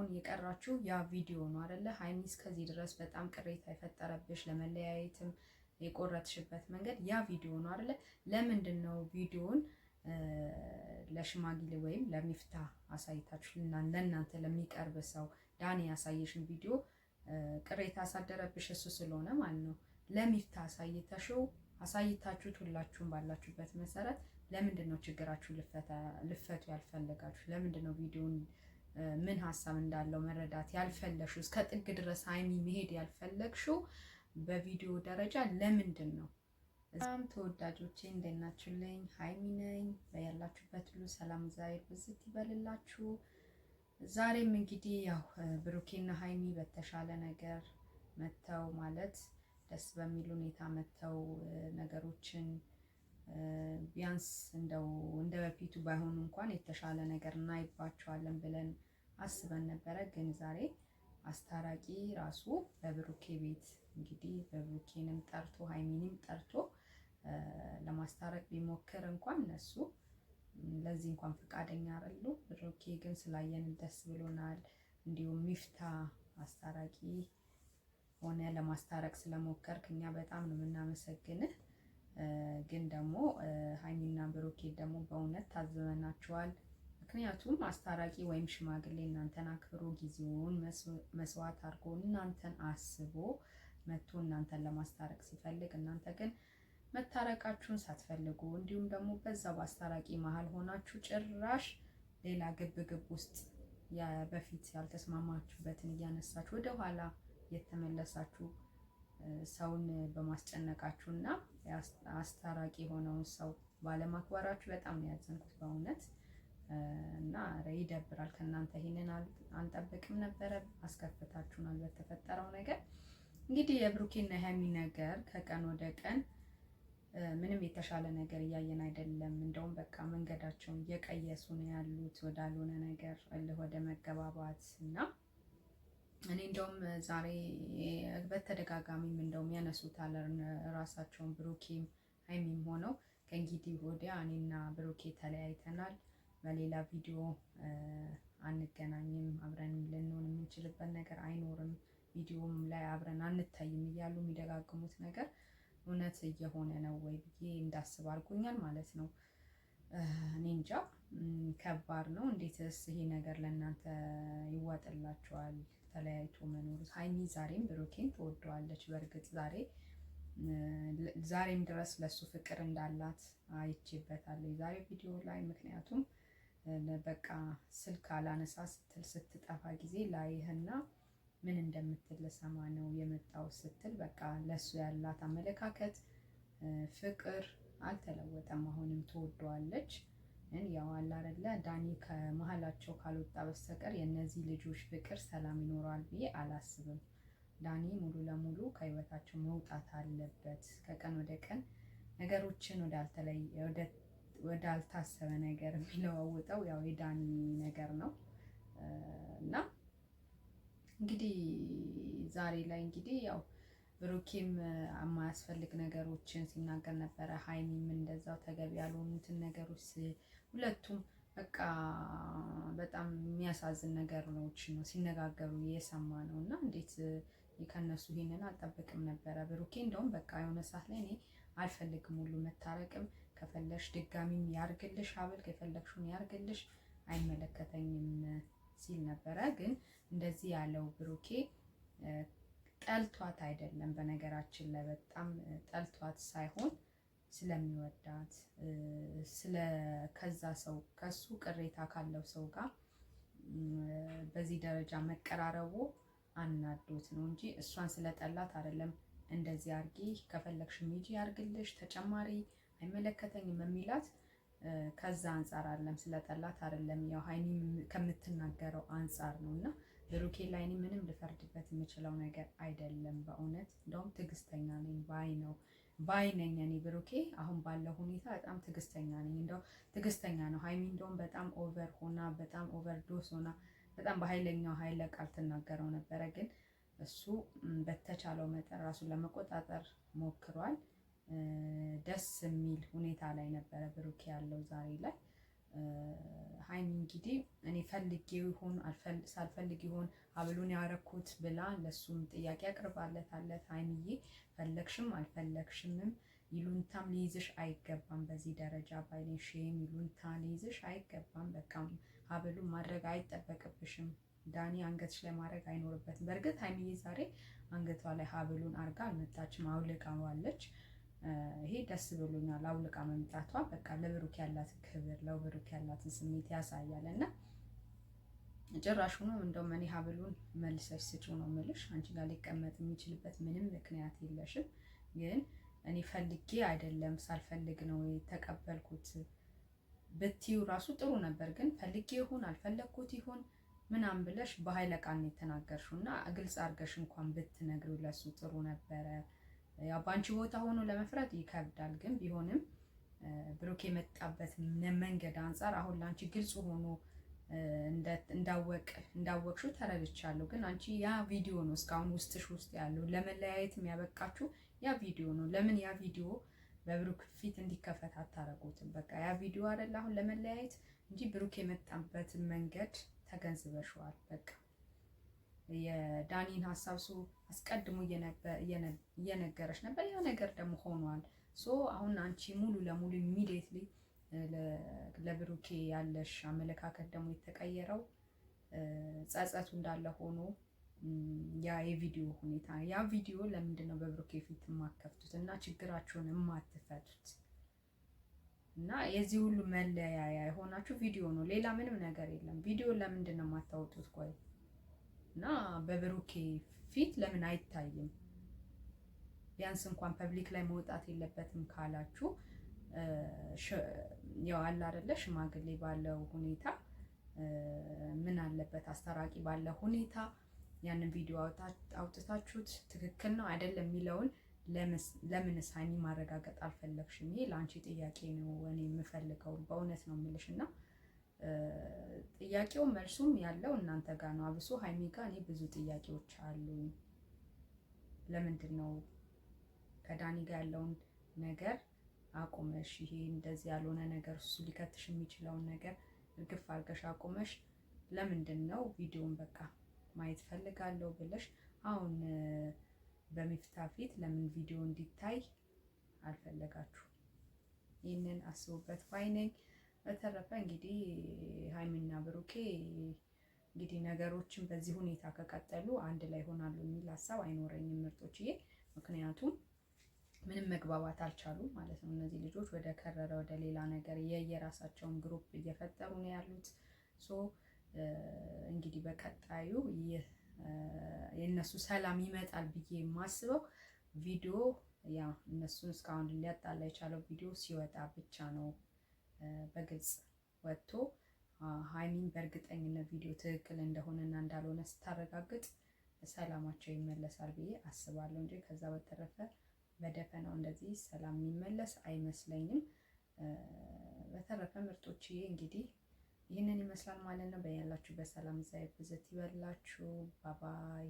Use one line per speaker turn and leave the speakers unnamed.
አሁን የቀራችሁ ያ ቪዲዮ ነው አይደለ? ሀይሚ እስከዚህ ድረስ በጣም ቅሬታ የፈጠረብሽ ለመለያየትም የቆረጥሽበት መንገድ ያ ቪዲዮ ነው አይደለ? ለምንድን ነው ቪዲዮውን ለሽማግሌ ወይም ለሚፍታ አሳይታችሁ ለእናንተ ለሚቀርብ ሰው ዳኒ ያሳየሽን ቪዲዮ ቅሬታ ያሳደረብሽ እሱ ስለሆነ ማለት ነው። ለሚፍታ አሳይተሽው አሳይታችሁት ሁላችሁም ባላችሁበት መሰረት ለምንድን ነው ችግራችሁ ልፈቱ ያልፈለጋችሁ? ለምንድን ነው ቪዲዮን ምን ሀሳብ እንዳለው መረዳት ያልፈለግሽው እስከ ጥግ ድረስ ሀይሚ መሄድ ያልፈለግሽው በቪዲዮ ደረጃ ለምንድን ነው? እዛም ተወዳጆቼ እንደናችሁልኝ ሀይሚ ነኝ። በያላችሁበት ሁሉ ሰላም እግዚአብሔር ብዝት ይበልላችሁ። ዛሬም እንግዲህ ያው ብሩኬና ሀይሚ በተሻለ ነገር መተው ማለት ደስ በሚል ሁኔታ መተው ነገሮችን ቢያንስ እንደው እንደ በፊቱ ባይሆኑ እንኳን የተሻለ ነገር እናይባቸዋለን ብለን አስበን ነበረ። ግን ዛሬ አስታራቂ ራሱ በብሩኬ ቤት እንግዲህ በብሩኬንም ጠርቶ ሀይሚንም ጠርቶ ለማስታረቅ ቢሞክር እንኳን እነሱ ለዚህ እንኳን ፈቃደኛ አይደሉ። ብሩኬ ግን ስላየን ደስ ብሎናል። እንዲሁም ሚፍታ አስታራቂ ሆነ ለማስታረቅ ስለሞከርክ እኛ በጣም ነው የምናመሰግንህ። ግን ደግሞ ሀይሚና ብሩኬ ደግሞ በእውነት ታዝበናችኋል። ምክንያቱም አስታራቂ ወይም ሽማግሌ እናንተን አክብሮ ጊዜውን መስዋዕት አድርጎ እናንተን አስቦ መጥቶ እናንተን ለማስታረቅ ሲፈልግ እናንተ ግን መታረቃችሁን ሳትፈልጉ እንዲሁም ደግሞ በዛ በአስታራቂ መሀል ሆናችሁ ጭራሽ ሌላ ግብ ግብ ውስጥ በፊት ያልተስማማችሁበትን እያነሳችሁ ወደኋላ የተመለሳችሁ ሰውን በማስጨነቃችሁ እና አስታራቂ የሆነውን ሰው ባለማክበራችሁ በጣም ያዘንኩት በእውነት። እና ኧረ ይደብራል። ከእናንተ ይሄንን አንጠብቅም ነበረ፣ አስከፍታችሁናል በተፈጠረው ነገር። እንግዲህ የብሩኬና ሀሚ ነገር ከቀን ወደ ቀን ምንም የተሻለ ነገር እያየን አይደለም። እንደውም በቃ መንገዳቸውን እየቀየሱ ነው ያሉት ወዳልሆነ ነገር ወደ መገባባት እና እኔ እንደውም ዛሬ በተደጋጋሚም እንደውም ያነሱታል ራሳቸውን ብሩኬም ሀይሚም ሆነው ከእንግዲህ ወዲያ እኔና ብሩኬ ተለያይተናል በሌላ ቪዲዮ አንገናኝም፣ አብረን ልንሆን የምንችልበት ነገር አይኖርም፣ ቪዲዮም ላይ አብረን አንታይም እያሉ የሚደጋግሙት ነገር እውነት እየሆነ ነው ወይ ብዬ እንዳስብ አድርጎኛል ማለት ነው። እኔ እንጃ ከባድ ነው። እንዴትስ ይሄ ነገር ለእናንተ ይዋጥላችኋል? ተለያይቶ መኖሩ። ሀይሚ ዛሬም ብሩኬን ትወደዋለች። በእርግጥ ዛሬ ዛሬም ድረስ ለሱ ፍቅር እንዳላት አይቼበታለሁ ዛሬ ቪዲዮ ላይ ምክንያቱም በቃ ስልክ አላነሳ ስትል ስትጠፋ ጊዜ ላይህና ምን እንደምትል ልሰማ ነው የመጣው ስትል በቃ ለሱ ያላት አመለካከት ፍቅር አልተለወጠም። አሁንም ትወደዋለች። ግን ያው አለ አይደለ ዳኒ ከመሀላቸው ካልወጣ በስተቀር የእነዚህ ልጆች ፍቅር ሰላም ይኖረዋል ብዬ አላስብም። ዳኒ ሙሉ ለሙሉ ከህይወታቸው መውጣት አለበት። ከቀን ወደ ቀን ነገሮችን ወደ ወዳልታሰበ አልታሰበ ነገር የሚለዋውጠው ያው የዳኒ ነገር ነው እና እንግዲህ ዛሬ ላይ እንግዲህ ያው ብሩኬም የማያስፈልግ ነገሮችን ሲናገር ነበረ። ሀይሚም እንደዛው ተገቢ ያልሆኑትን ነገሮች ሁለቱም በቃ በጣም የሚያሳዝን ነገሮች ነው ሲነጋገሩ እየሰማ ነው እና እንዴት ከነሱ ይሄንን አልጠብቅም ነበረ። ብሩኬ እንደውም በቃ የሆነ ሰዓት ላይ እኔ አልፈልግም ሁሉ መታረቅም ከፈለሽ ድጋሚም ያርግልሽ ሀብል ከፈለግሽውን ያርግልሽ አይመለከተኝም ሲል ነበረ። ግን እንደዚህ ያለው ብሩኬ ጠልቷት አይደለም፣ በነገራችን ላይ በጣም ጠልቷት ሳይሆን ስለሚወዳት ስለ ከዛ ሰው ከሱ ቅሬታ ካለው ሰው ጋር በዚህ ደረጃ መቀራረቡ አናዶት ነው እንጂ እሷን ስለጠላት አይደለም። እንደዚህ አርጊ ከፈለግሽ ሚጂ ያርግልሽ ተጨማሪ አይመለከተኝም የሚላት ከዛ አንጻር አይደለም፣ ስለጠላት አይደለም። ያው ሀይኒ ከምትናገረው አንጻር ነው እና ብሩኬ ላይ እኔ ምንም ልፈርድበት የምችለው ነገር አይደለም። በእውነት እንደውም ትዕግስተኛ ነኝ ባይ ነው ባይ ነኝ እኔ ብሩኬ አሁን ባለው ሁኔታ በጣም ትዕግስተኛ ነኝ። እንደው ትዕግስተኛ ነው ሀይሚ እንደውም በጣም ኦቨር ሆና በጣም ኦቨር ዶስ ሆና በጣም በሀይለኛው ኃይለ ቃል ትናገረው ነበረ፣ ግን እሱ በተቻለው መጠን ራሱን ለመቆጣጠር ሞክሯል። ደስ የሚል ሁኔታ ላይ ነበረ ብሩክ ያለው ዛሬ ላይ። ሀይሚ እንግዲህ እኔ ፈልጌ ይሆን ሳልፈልግ ይሆን ሀብሉን ያረኩት ብላ ለሱም ጥያቄ አቅርባለታለት። ሀይሚዬ ፈለግሽም አልፈለግሽምም ይሉንታም ሊይዝሽ አይገባም። በዚህ ደረጃ ባይሌሽ ይሉንታ ሊይዝሽ አይገባም። በቃ ሀብሉን ማድረግ አይጠበቅብሽም። ዳኒ አንገትሽ ላይ ማድረግ አይኖርበትም። በእርግጥ ሀይሚዬ ዛሬ አንገቷ ላይ ሀብሉን አርጋ አልመጣችም፣ አውልቃዋለች። ይሄ ደስ ብሎኛል። አውልቃ መምጣቷ በቃ ለብሩክ ያላት ክብር ለብሩክ ያላትን ስሜት ያሳያል እና ጭራሹኑ እንደውም እኔ ሀብሉን መልሰሽ ስጪው ነው የምልሽ። አንቺ ጋር ሊቀመጥ የሚችልበት ምንም ምክንያት የለሽም። ግን እኔ ፈልጌ አይደለም ሳልፈልግ ነው የተቀበልኩት ብትዩ ራሱ ጥሩ ነበር። ግን ፈልጌ ይሁን አልፈለግኩት ይሁን ምናምን ብለሽ በኃይለ ቃል ነው የተናገርሽው እና ግልጽ አድርገሽ እንኳን ብትነግሪው ለሱ ጥሩ ነበረ። ያው በአንቺ ቦታ ሆኖ ለመፍረድ ይከብዳል። ግን ቢሆንም ብሩክ የመጣበት መንገድ አንጻር አሁን ለአንቺ ግልጽ ሆኖ እንዳወቅ እንዳወቅሹ ተረድቻለሁ። ግን አንቺ ያ ቪዲዮ ነው እስካሁን ውስጥሽ ውስጥ ያለው ለመለያየት የሚያበቃችሁ ያ ቪዲዮ ነው። ለምን ያ ቪዲዮ በብሩክ ፊት እንዲከፈት አታረጉትም? በቃ ያ ቪዲዮ አይደል አሁን ለመለያየት እንጂ ብሩክ የመጣበትን መንገድ ተገንዝበሽዋል በቃ የዳኒን ሀሳብ ሶ አስቀድሞ እየነገረች ነበር። ያ ነገር ደግሞ ሆኗል። ሶ አሁን አንቺ ሙሉ ለሙሉ ኢሚዲየትሊ ለብሩኬ ያለሽ አመለካከት ደግሞ የተቀየረው ጸጸቱ እንዳለ ሆኖ ያ የቪዲዮ ሁኔታ ያ ቪዲዮ ለምንድን ነው በብሩኬ ፊት የማከፍቱት እና ችግራችሁን የማትፈቱት እና የዚህ ሁሉ መለያያ የሆናችሁ ቪዲዮ ነው። ሌላ ምንም ነገር የለም። ቪዲዮ ለምንድን ነው የማታወጡት? ቆይ እና በብሩኬ ፊት ለምን አይታይም? ቢያንስ እንኳን ፐብሊክ ላይ መውጣት የለበትም ካላችሁ ያው አለ አይደለ ሽማግሌ ባለው ሁኔታ ምን አለበት አስታራቂ ባለው ሁኔታ ያንን ቪዲዮ አውጥታችሁት ትክክል ነው አይደለም የሚለውን ለምን ሳኒ ማረጋገጥ አልፈለግሽም? ይሄ ለአንቺ ጥያቄ ነው። እኔ የምፈልገው በእውነት ነው የምልሽ እና ጥያቄው መልሱም ያለው እናንተ ጋር ነው። አብሶ ሀይሚ ጋር እኔ ብዙ ጥያቄዎች አሉ። ለምንድን ነው ከዳኒ ጋር ያለውን ነገር አቁመሽ ይሄ እንደዚህ ያልሆነ ነገር እሱ ሊከትሽ የሚችለውን ነገር እርግፍ አድርገሽ አቁመሽ ለምንድን ነው ቪዲዮን በቃ ማየት ፈልጋለሁ ብለሽ አሁን በሚፍታ ፊት ለምን ቪዲዮ እንዲታይ አልፈለጋችሁ? ይህንን አስቡበት ባይ በተረፈ እንግዲህ ሀይሚና ብሩኬ እንግዲህ ነገሮችን በዚህ ሁኔታ ከቀጠሉ አንድ ላይ ይሆናሉ የሚል ሀሳብ አይኖረኝም ምርጦችዬ። ምክንያቱም ምንም መግባባት አልቻሉም ማለት ነው። እነዚህ ልጆች ወደ ከረረ ወደ ሌላ ነገር የየራሳቸውን ግሩፕ እየፈጠሩ ነው ያሉት። ሶ እንግዲህ በቀጣዩ የእነሱ ሰላም ይመጣል ብዬ የማስበው ቪዲዮ ያ እነሱን እስካሁን ሊያጣላ የቻለው ቪዲዮ ሲወጣ ብቻ ነው። በግልጽ ወጥቶ ሀይሚን በእርግጠኝነት ቪዲዮ ትክክል እንደሆነና እንዳልሆነ ስታረጋግጥ ሰላማቸው ይመለሳል ብዬ አስባለሁ እንጂ ከዛ በተረፈ በደፈናው እንደዚህ ሰላም የሚመለስ አይመስለኝም። በተረፈ ይሄ እንግዲህ ይህንን ይመስላል ማለት ነው። በያላችሁ በሰላም ዛይ ብዘት ይበላችሁ። ባባይ